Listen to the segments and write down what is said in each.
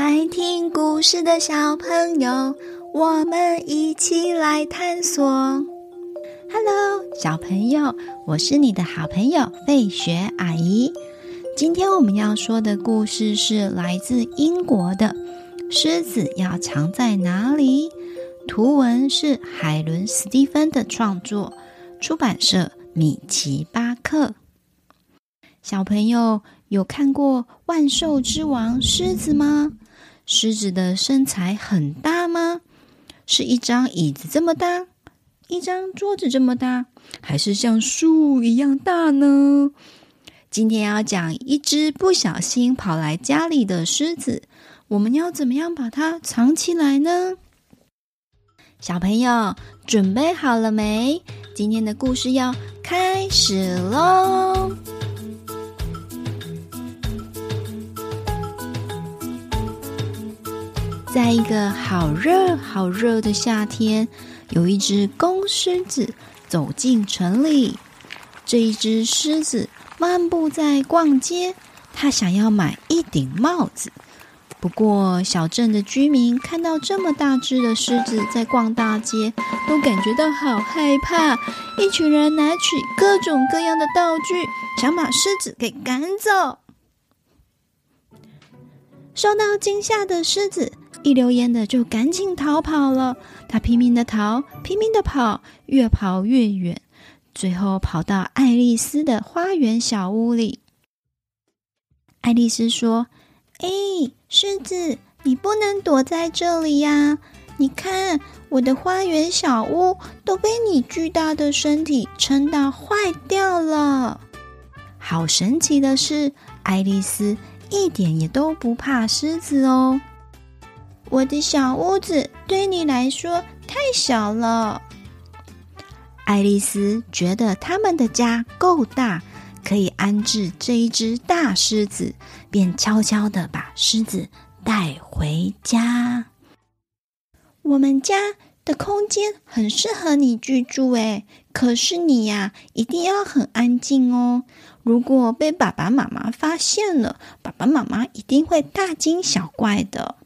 愛聽故事的小朋友，我們一起來探索。Hello，小朋友，我是你的好朋友費雪阿姨。今天我們要說的故事是來自英國的《獅子要藏在哪裡》。圖文是海倫·史帝芬的創作，出版社米奇巴克。小朋友有看過《萬獸之王》獅子嗎？獅子的身材很大嗎？是一張椅子這麼大，一張桌子這麼大，還是像樹一樣大呢？今天要講一隻不小心跑來家裡的獅子，我們要怎麼樣把它藏起來呢？小朋友，準備好了沒？今天的故事要開始嘍！在一個好熱好熱的夏天，有一隻公獅子走進城裡。這一隻獅子漫步在逛街，它想要買一頂帽子。不過，小鎮的居民看到這麼大隻的獅子在逛大街，都感覺到好害怕，一群人拿起各種各樣的道具，想把獅子給趕走。受到驚嚇的獅子，一溜煙的就趕緊逃跑了，他拼命的逃，拼命的跑，越跑越遠，最後跑到愛麗絲的花園小屋裡。愛麗絲說：“欸，獅子，你不能躲在這裡呀！你看我的花園小屋都被你巨大的身體撐到壞掉了。好神奇的是，愛麗絲一點也都不怕獅子哦。”我的小屋子對你來說太小了。愛麗絲覺得他們的家夠大，可以安置這一隻大獅子，便悄悄地把獅子帶回家。我們家的空間很適合你居住，哎，可是你呀、啊，一定要很安靜哦。如果被爸爸媽媽發現了，爸爸媽媽一定會大驚小怪的。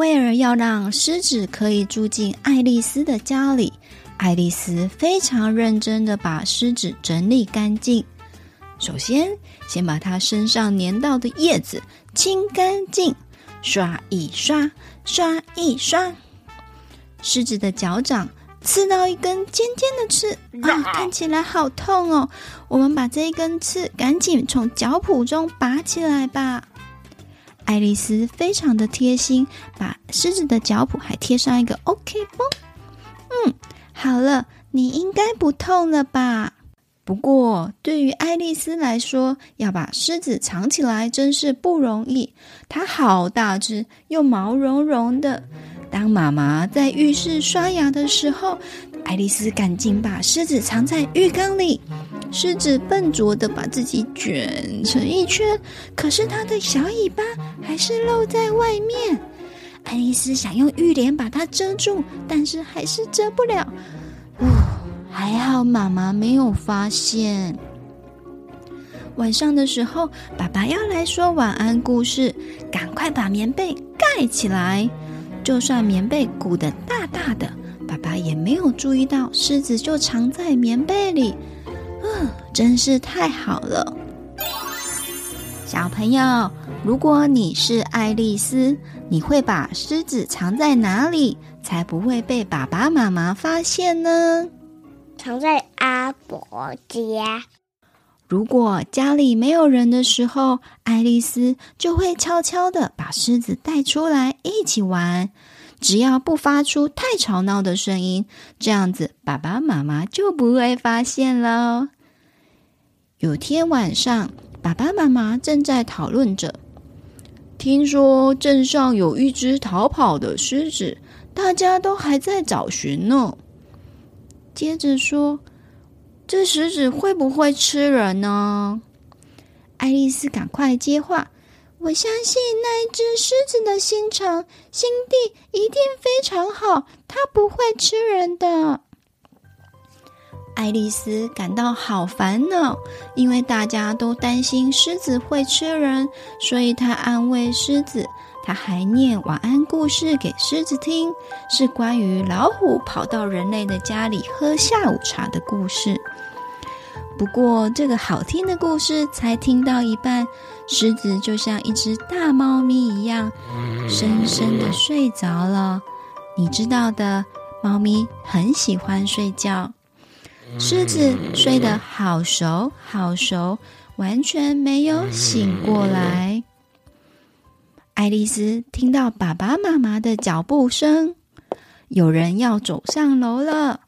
為了要讓獅子可以住進愛麗絲的家裡，愛麗絲非常認真的把獅子整理乾淨。首先，先把它身上粘到的葉子清乾淨，刷一刷，刷一刷。獅子的腳掌刺到一根尖尖的刺 啊，看起來好痛哦！我們把這一根刺趕緊從腳蹼中拔起來吧。愛麗絲非常的貼心，把獅子的腳蹼還貼上一個 OK 繃。嗯，好了，你應該不痛了吧？不過對於愛麗絲來說，要把獅子藏起來真是不容易。它好大只，又毛茸茸的。當媽媽在浴室刷牙的時候，愛麗絲趕緊把獅子藏在浴缸裡。獅子笨拙的把自己捲成一圈，可是他的小尾巴還是露在外面。愛麗絲想用浴簾把它遮住，但是還是遮不了。哦，還好媽媽沒有發現。晚上的時候，爸爸要來說晚安故事，趕快把棉被蓋起來。就算棉被鼓得大大的，爸爸也沒有注意到獅子就藏在棉被裡。真是太好了。小朋友，如果你是愛麗絲，你會把獅子藏在哪裡，才不會被爸爸媽媽發現呢？藏在阿伯家。如果家裡沒有人的時候，愛麗絲就會悄悄的把獅子帶出來一起玩。只要不發出太吵鬧的聲音，這樣子爸爸媽媽就不會發現了。有天晚上，爸爸媽媽正在討論着，聽說鎮上有一隻逃跑的獅子，大家都還在找尋呢。接着說，這獅子會不會吃人呢？愛麗絲趕快接話。我相信那一隻獅子的心腸、心地一定非常好，它不會吃人的。愛麗絲感到好煩惱，因為大家都擔心獅子會吃人，所以她安慰獅子，她還念晚安故事給獅子聽，是關於老虎跑到人類的家裡喝下午茶的故事。不過，這個好聽的故事才聽到一半，獅子就像一隻大貓咪一樣，深深的睡着了。你知道的，貓咪很喜歡睡覺。獅子睡得好熟好熟，完全沒有醒過來。愛麗絲聽到爸爸媽媽的腳步聲，有人要走上樓了。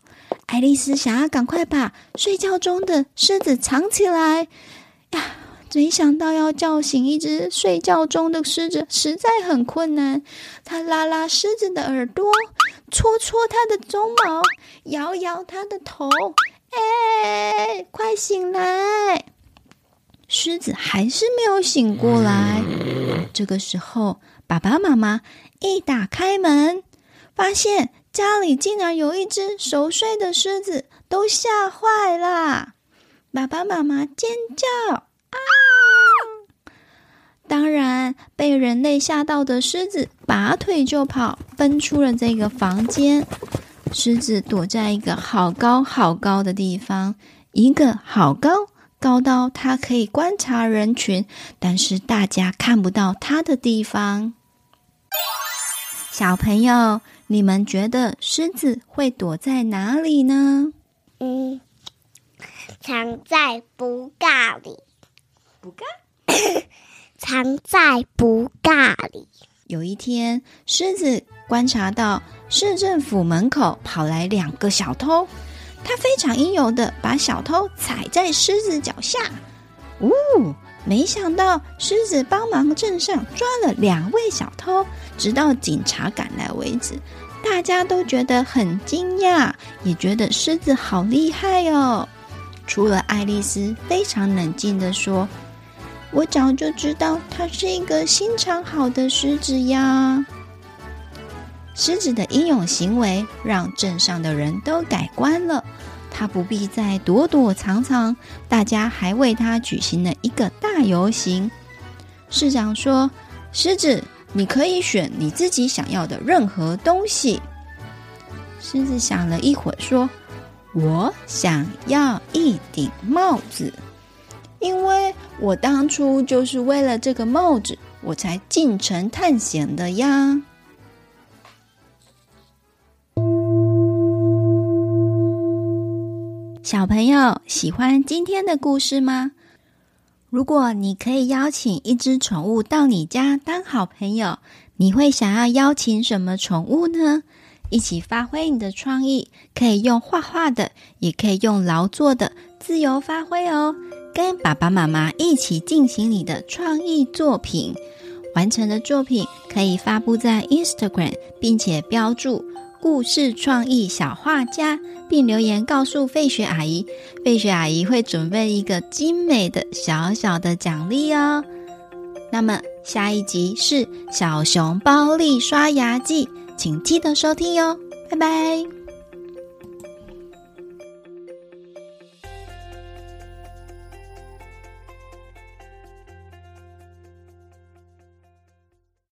愛麗絲想要趕快把睡覺中的獅子藏起來呀，沒想到要叫醒一隻睡覺中的獅子實在很困難。她拉拉獅子的耳朵，戳戳它的鬃毛，搖搖它的頭，哎、欸，快醒來！獅子還是沒有醒過來。這個時候，爸爸媽媽一打開門，發現。家裡竟然有一隻熟睡的獅子，都嚇壞了！爸爸媽媽尖叫啊！當然，被人類嚇到的獅子拔腿就跑，奔出了這個房間。獅子躲在一個好高好高的地方，一個好高高到它可以觀察人群，但是大家看不到它的地方。小朋友，你們覺得獅子會躲在哪裡呢？嗯，藏在不告裡。不告？藏在不告裡。有一天，獅子觀察到市政府門口跑來兩個小偷，它非常英勇地把小偷踩在獅子腳下。嗚、哦！沒想到獅子幫忙鎮上抓了兩位小偷，直到警察趕來為止。大家都覺得很驚訝，也覺得獅子好厲害哦。除了愛麗絲，非常冷靜地說：“我早就知道他是一個心腸好的獅子呀。”獅子的英勇行為讓鎮上的人都改觀了，他不必再躲躲藏藏。大家還為他舉行了一個大遊行。市長說：“獅子。”你可以選你自己想要的任何東西。獅子想了一會兒，說：“我想要一頂帽子，因為我當初就是為了這個帽子，我才進城探險的呀。”小朋友，喜歡今天的故事嗎？如果你可以邀請一隻寵物到你家當好朋友，你會想要邀請什麼寵物呢？一起發揮你的創意，可以用畫畫的，也可以用勞作的，自由發揮哦。跟爸爸媽媽一起進行你的創意作品，完成的作品可以發布在 Instagram，並且標注。故事創意小畫家，並留言告訴費雪阿姨，費雪阿姨會準備一個精美的小小的獎勵哦。那麼下一集是《小熊包麗刷牙記》，請記得收聽喲、哦。拜拜。